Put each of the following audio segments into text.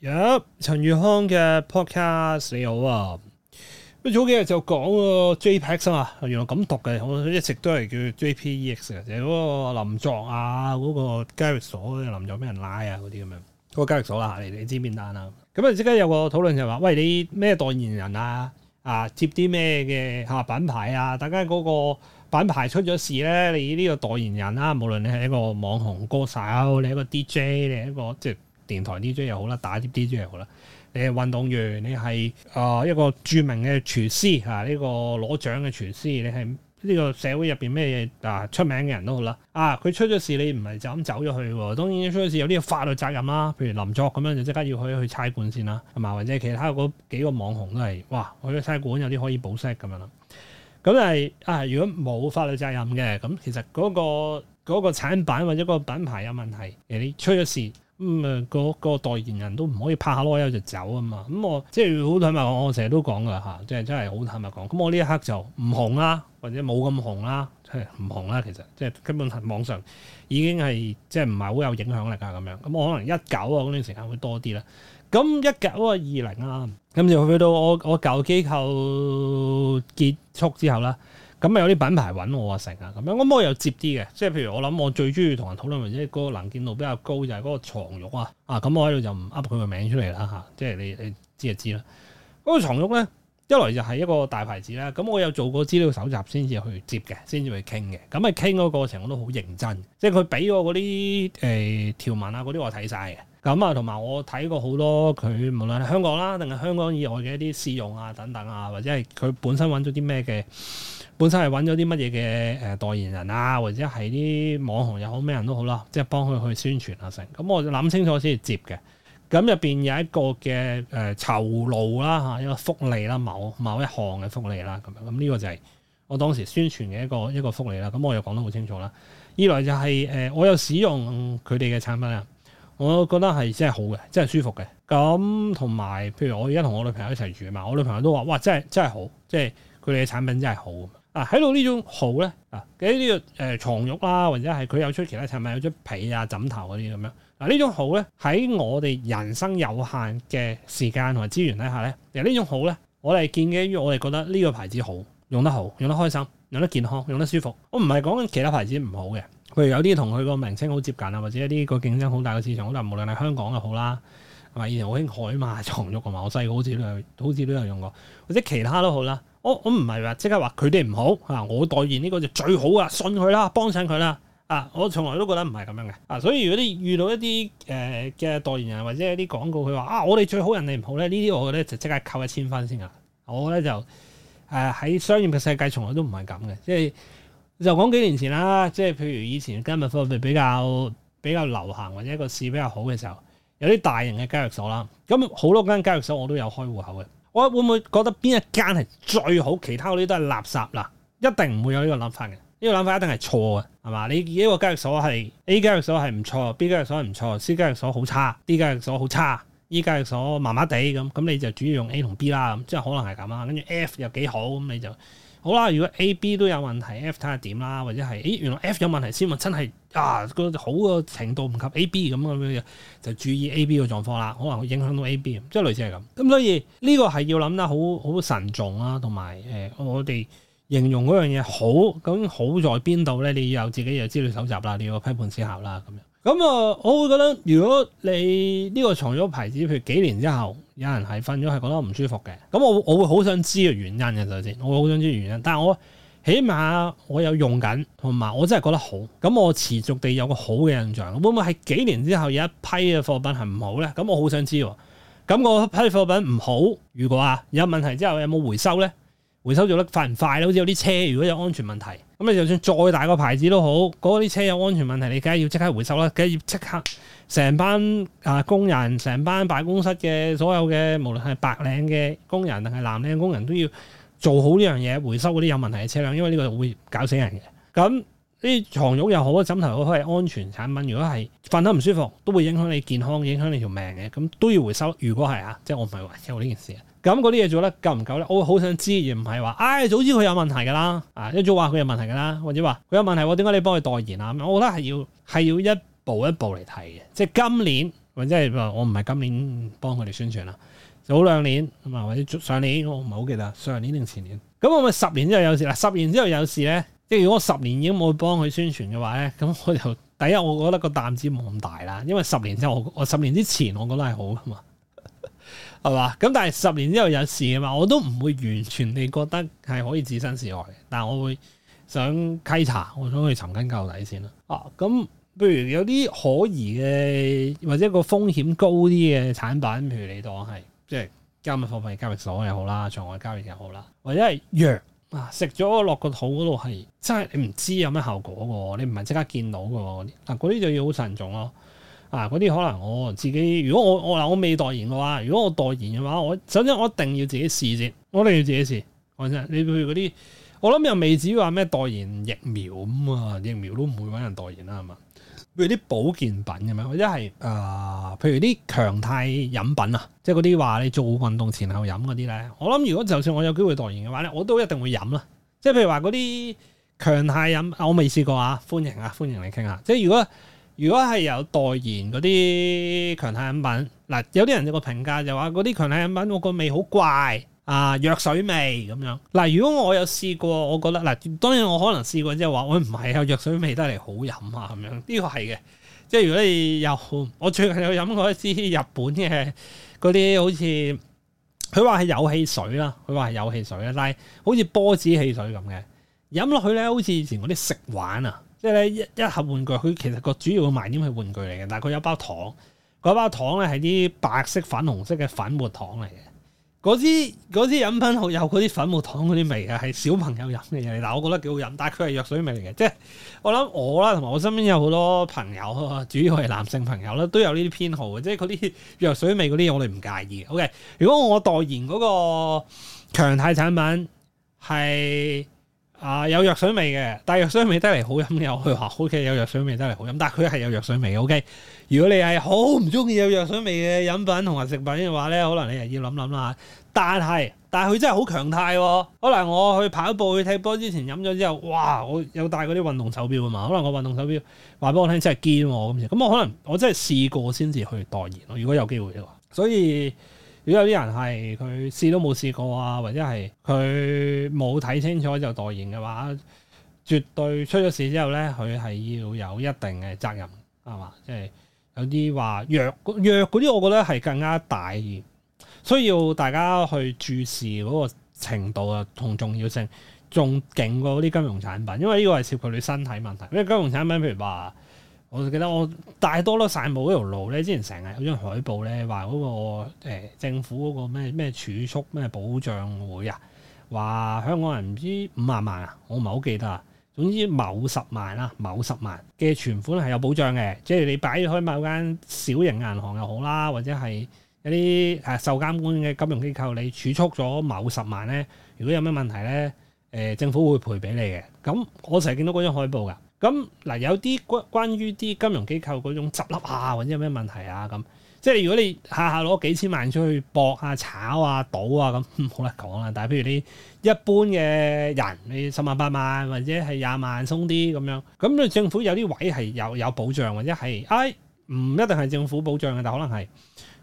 有陳宇康嘅 podcast 你好啊？早幾日就講個 JPEX 啊，原來咁讀嘅，我一直都係叫 JPEX 嘅，就嗰個林作啊，嗰、嗰個交易所林作俾人拉啊，嗰啲咁樣，嗰個交易所啦，你你知邊單啊？咁啊，即刻有個討論就話，喂，你咩代言人啊？啊，接啲咩嘅吓品牌啊？大家嗰個品牌出咗事咧，你呢個代言人啦，啊，無論你係一個網紅歌手，你係一個 DJ，你係一個即係。就是電台 DJ 又好啦，打碟 DJ 又好啦。你係運動員，你係啊、呃、一個著名嘅廚師嚇，呢、啊這個攞獎嘅廚師，你係呢個社會入邊咩嘢啊出名嘅人都好啦。啊，佢出咗事，你唔係就咁走咗去喎。當然出咗事有啲法律責任啦。譬如林作咁樣就即刻要去去差館先啦，同埋或者其他嗰幾個網紅都係哇，去差館有啲可以保釋咁樣啦。咁但係啊，如果冇法律責任嘅，咁其實嗰、那個嗰、那個產品或者個品牌有問題，你出咗事。咁啊，嗯，那個那個代言人都唔可以拍下攞油就走啊嘛！咁我即係好坦白講，我成日都講噶嚇，即係真係好坦白講。咁我呢一刻就唔紅啦，或者冇咁紅啦，即係唔紅啦。其實即係根本喺網上已經係即係唔係好有影響力噶咁樣。咁我可能一九啊嗰段時間會多啲啦。咁一九啊二零啊，咁就去到我我舊機構結束之後啦。咁啊有啲品牌揾我啊成啊咁樣，我咪又接啲嘅。即係譬如我諗我最中意同人討論，或者嗰個能見度比較高，就係、是、嗰個床褥啊，啊咁我喺度就唔噏佢個名出嚟啦嚇，即係你你知就知啦，嗰、那個床褥咧。一來就係一個大牌子啦，咁我有做過資料搜集先至去接嘅，先至去傾嘅。咁啊傾嗰個過程我都好認真，即係佢俾我嗰啲誒條文啊嗰啲我睇晒嘅。嗯。咁啊同埋我睇過好多佢無論係香港啦，定係香港以外嘅一啲試用啊等等啊，或者係佢本身揾咗啲咩嘅，本身係揾咗啲乜嘢嘅誒代言人啊，或者係啲網紅又好咩人都好啦，即係幫佢去宣傳啊成。咁、嗯、我就諗清楚先接嘅。咁入邊有一個嘅誒酬勞啦吓，一個福利啦，某某一項嘅福利啦，咁樣，咁呢個就係我當時宣傳嘅一個一個福利啦。咁我又講得好清楚啦。二來就係、是、誒、呃，我有使用佢哋嘅產品啊，我覺得係真係好嘅，真係舒服嘅。咁同埋，譬如我而家同我女朋友一齊住啊嘛，我女朋友都話哇，真係真係好，即係佢哋嘅產品真係好。喺度呢種好咧，啊呢個誒牀褥啦，或者係佢有出其他產品，有出被啊、枕頭嗰啲咁樣。嗱、啊、呢種好咧，喺我哋人生有限嘅時間同埋資源底下咧，其實呢種好咧，我哋見嘅，因為我哋覺得呢個牌子好，用得好，用得開心，用得健康，用得舒服、şey。我唔係講緊其他牌子唔好嘅，譬如有啲同佢個名稱好接近啊，sam 2 mm、或者一啲個競爭好大嘅市場，無論係香港又好啦，係咪？以前好興海馬牀褥同埋我細個好似都有，好似都有用過，或者其他都好啦。哦、我唔係話即刻話佢哋唔好啊！我代言呢個就最好啊，信佢啦，幫襯佢啦啊！我從來都覺得唔係咁樣嘅啊！所以如果你遇到一啲誒嘅代言人或者一啲廣告，佢話啊我哋最好人哋唔好咧，呢啲我覺得就即刻扣一千分先噶、啊！我咧就誒喺、啊、商業嘅世界從來都唔係咁嘅，即係就講、是、幾年前啦，即、啊、係譬如以前加密貨幣比較比較流行或者一個市比較好嘅時候，有啲大型嘅交易所啦，咁好多間交易所我都有開戶口嘅。我會唔會覺得邊一間係最好，其他嗰啲都係垃圾啦？一定唔會有呢個諗法嘅，呢個諗法一定係錯嘅，係嘛？你呢個交易所係 A 交易所係唔錯，B 交易所係唔錯，C 交易所好差，D 交易所好差，E 交易所麻麻地咁，咁你就主要用 A 同 B 啦，咁即係可能係咁啦。跟住 F 又幾好，咁你就。好啦，如果 A、B 都有問題，F 睇下點啦，或者係，誒，原來 F 有問題先喎，真係啊個好嘅程度唔及 A、B 咁咁樣嘅，就注意 A、B 個狀況啦，可能會影響到 A、B，即係類似係咁。咁所以呢個係要諗得好好慎重啦，同埋誒我哋形容嗰樣嘢好，咁好在邊度咧？你要有自己嘅資料搜集啦，你要批判思考啦，咁樣。咁啊，我會覺得如果你呢個藏咗牌子，譬如幾年之後有人係瞓咗，係覺得唔舒服嘅，咁我我會好想知嘅原因嘅，就先，我會好想知原因。但係我起碼我有用緊，同埋我真係覺得好，咁我持續地有個好嘅印象，會唔會係幾年之後有一批嘅貨品係唔好咧？咁我好想知。咁個批貨品唔好，如果啊有問題之後有冇回收咧？回收做得快唔快咧？好似有啲車如果有安全問題。咁你就算再大個牌子都好，嗰啲車有安全問題，你梗係要即刻回收啦，梗係要即刻成班啊工人，成班辦公室嘅所有嘅，無論係白領嘅工人定係藍領工人都要做好呢樣嘢，回收嗰啲有問題嘅車輛，因為呢個會搞死人嘅。咁啲牀褥又好，枕頭好，係安全產品。如果係瞓得唔舒服，都會影響你健康，影響你條命嘅，咁都要回收。如果係啊，即係我唔係話有呢件事啊。咁嗰啲嘢做得夠唔夠咧？我好想知，而唔係話，唉、哎，早知佢有問題㗎啦。啊，一早話佢有問題㗎啦，或者話佢有問題，點解你幫佢代言啊？咁我覺得係要係要一步一步嚟睇嘅。即係今年，或者係我唔係今年幫佢哋宣傳啦，早兩年啊嘛，或者上年我唔係好記得，上年定前年。咁我咪十年之後有事啦，十年之後有事咧。即係如果我十年已經冇幫佢宣傳嘅話咧，咁我就第一，我覺得個擔子冇咁大啦，因為十年之後，我，我十年之前，我覺得係好噶嘛，係 嘛？咁但係十年之後有事噶嘛，我都唔會完全地覺得係可以置身事外，但係我會想稽查，我想去尋根究底先啦。啊，咁譬如有啲可疑嘅，或者個風險高啲嘅產品，譬如你當係即係加密貨幣、交易所又好啦，場外交易又好啦，或者係藥。啊！食咗落個肚嗰度係真係你唔知有咩效果喎，你唔係即刻見到嘅嗰啲，嗱嗰啲就要好慎重咯、啊。啊，嗰啲可能我自己，如果我我嗱我未代言嘅話，如果我代言嘅話，我首先我一定要自己試先，我一定要自己試。我真，你譬如嗰啲，我諗又未至於話咩代言疫苗咁啊，疫苗都唔會揾人代言啦，係嘛？譬如啲保健品咁樣，或者係誒，譬、呃、如啲強態飲品啊，即係嗰啲話你做運動前後飲嗰啲咧，我諗如果就算我有機會代言嘅話咧，我都一定會飲啦。即係譬如話嗰啲強態飲，我未試過啊，歡迎啊，歡迎你傾下。即係如果如果係有代言嗰啲強態飲品，嗱有啲人有個評價就話嗰啲強態飲品我個味好怪。啊，藥水味咁樣嗱，如果我有試過，我覺得嗱，當然我可能試過即係話，喂唔係啊，藥水味得嚟好飲啊咁樣，呢個係嘅。即係如果你有，我最近有飲過一支日本嘅嗰啲好似，佢話係有汽水啦，佢話係有汽水啦，但係好似波子汽水咁嘅，飲落去咧好似以前嗰啲食玩啊，即係咧一,一盒玩具，佢其實個主要賣點係玩具嚟嘅，但係佢有包糖，嗰包糖咧係啲白色粉紅色嘅粉末糖嚟嘅。嗰支嗰飲品好有嗰啲粉末糖嗰啲味嘅，係小朋友飲嘅嘢。嗱，我覺得幾好飲，但係佢係藥水味嚟嘅。即係我諗我啦，同埋我身邊有好多朋友，主要係男性朋友啦，都有呢啲偏好嘅。即係嗰啲藥水味嗰啲嘢，我哋唔介意嘅。OK，如果我代言嗰個強態產品係。啊有藥水味嘅，但係藥水味得嚟好飲嘅，我去話 O K，有藥水味得嚟好飲，但係佢係有藥水味 O K。OK? 如果你係好唔中意有藥水味嘅飲品同埋食品嘅話咧，可能你又要諗諗啦。但係但係佢真係好強態喎、哦。可能我去跑步去踢波之前飲咗之後，哇！我有戴嗰啲運動手錶啊嘛，可能個運動手錶話俾我聽真係堅喎咁。咁我可能我真係試過先至去代言咯。如果有機會嘅話，所以。如果有啲人係佢試都冇試過啊，或者係佢冇睇清楚就代言嘅話，絕對出咗事之後咧，佢係要有一定嘅責任，係嘛？即係有啲話藥藥嗰啲，我覺得係更加大意，需要大家去注視嗰個程度啊同重要性仲勁過啲金融產品，因為呢個係涉及你身體問題。因為金融產品譬如話。我就記得我大多都散步嗰條路咧，之前成日有張海報咧，話嗰、嗰個、欸、政府嗰個咩咩儲蓄咩保障會啊，話香港人唔知五萬萬啊，我唔係好記得。總之某十萬啦、啊，某十萬嘅存款係有保障嘅，即係你擺開某間小型銀行又好啦，或者係一啲誒受監管嘅金融機構，你儲蓄咗某十萬咧，如果有咩問題咧？誒政府會賠俾你嘅，咁我成日見到嗰種海報㗎。咁嗱有啲關關於啲金融機構嗰種執笠啊，或者有咩問題啊咁，即係如果你下下攞幾千萬出去搏啊、炒啊、賭啊咁，冇得講啦。但係譬如你一般嘅人，你十萬、八萬或者係廿萬，鬆啲咁樣，咁你政府有啲位係有有保障，或者係，唉、哎，唔一定係政府保障嘅，但可能係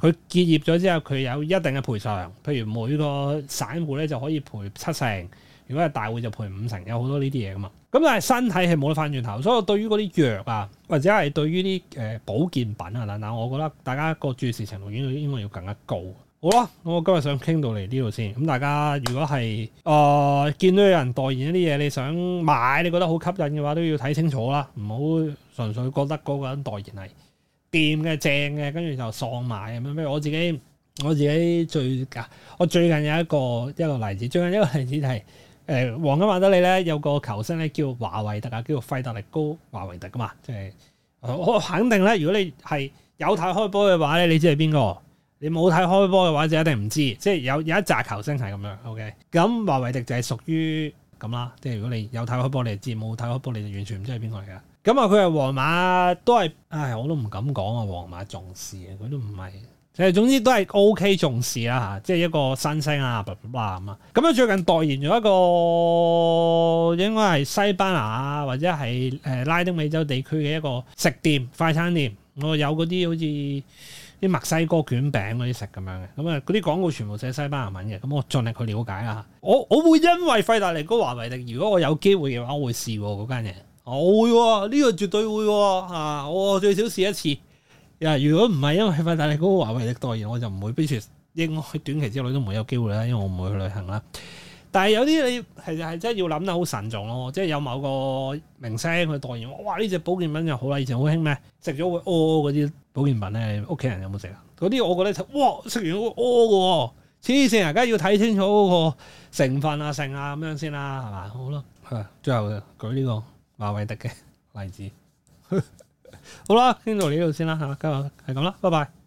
佢結業咗之後，佢有一定嘅賠償，譬如每個散戶咧就可以賠七成。如果係大會就賠五成，有好多呢啲嘢㗎嘛。咁但係身體係冇得返轉頭，所以我對於嗰啲藥啊，或者係對於啲誒保健品啊，嗱，我覺得大家個注視程度應應該要更加高。好啦，咁我今日想傾到嚟呢度先。咁大家如果係誒、呃、見到有人代言一啲嘢，你想買，你覺得好吸引嘅話，都要睇清楚啦，唔好純粹覺得嗰個人代言係掂嘅、正嘅，跟住就喪買咁樣。咩？我自己我自己最近我最近有一個一個例子，最近一個例子就係。誒，黃金馬德里咧有個球星咧叫華維特啊，叫做費達歷高華維特噶嘛，即係我肯定咧，如果你係有睇開波嘅話咧，你知係邊個；你冇睇開波嘅話就一定唔知。即係有有一紮球星係咁樣，OK？咁華維迪就係屬於咁啦，即係如果你有睇開波你就知，冇睇開波你就完全唔知係邊個嚟噶。咁啊，佢係皇馬都係，唉，我都唔敢講啊，皇馬重視啊，佢都唔係。誒，總之都係 OK 重視啊，嚇，即係一個新星啊，咁啊。咁、嗯嗯嗯、啊，最近代言咗一個應該係西班牙啊，或者係誒、呃、拉丁美洲地區嘅一個食店、快餐店。我、哦、有嗰啲好似啲墨西哥卷餅嗰啲食咁樣嘅，咁、嗯、啊嗰啲廣告全部寫西班牙文嘅。咁、嗯、我盡力去了解啊。我我會因為費達歷高華為力，如果我有機會嘅話，我會試嗰間嘢。我會、啊，呢個絕對會啊！啊我最少試一次。Yeah, 如果唔係，因為費達歷高嗰個華為的代言，我就唔會，譬如短期之內都唔會有機會啦，因為我唔會去旅行啦。但係有啲你其實係真係要諗得好慎重咯，即係有某個明星去代言，哇！呢隻保健品就好啦，以前好興咩，食咗會屙嗰啲保健品咧，屋企人有冇食啊？嗰啲我覺得哇，食完會屙嘅，黐線啊！而家要睇清楚嗰個成分啊、性啊咁樣先啦、啊，係嘛？好啦，係最後舉呢個華為迪嘅例子。呵呵。好啦，傾到呢度先啦吓，今日係咁啦，拜拜。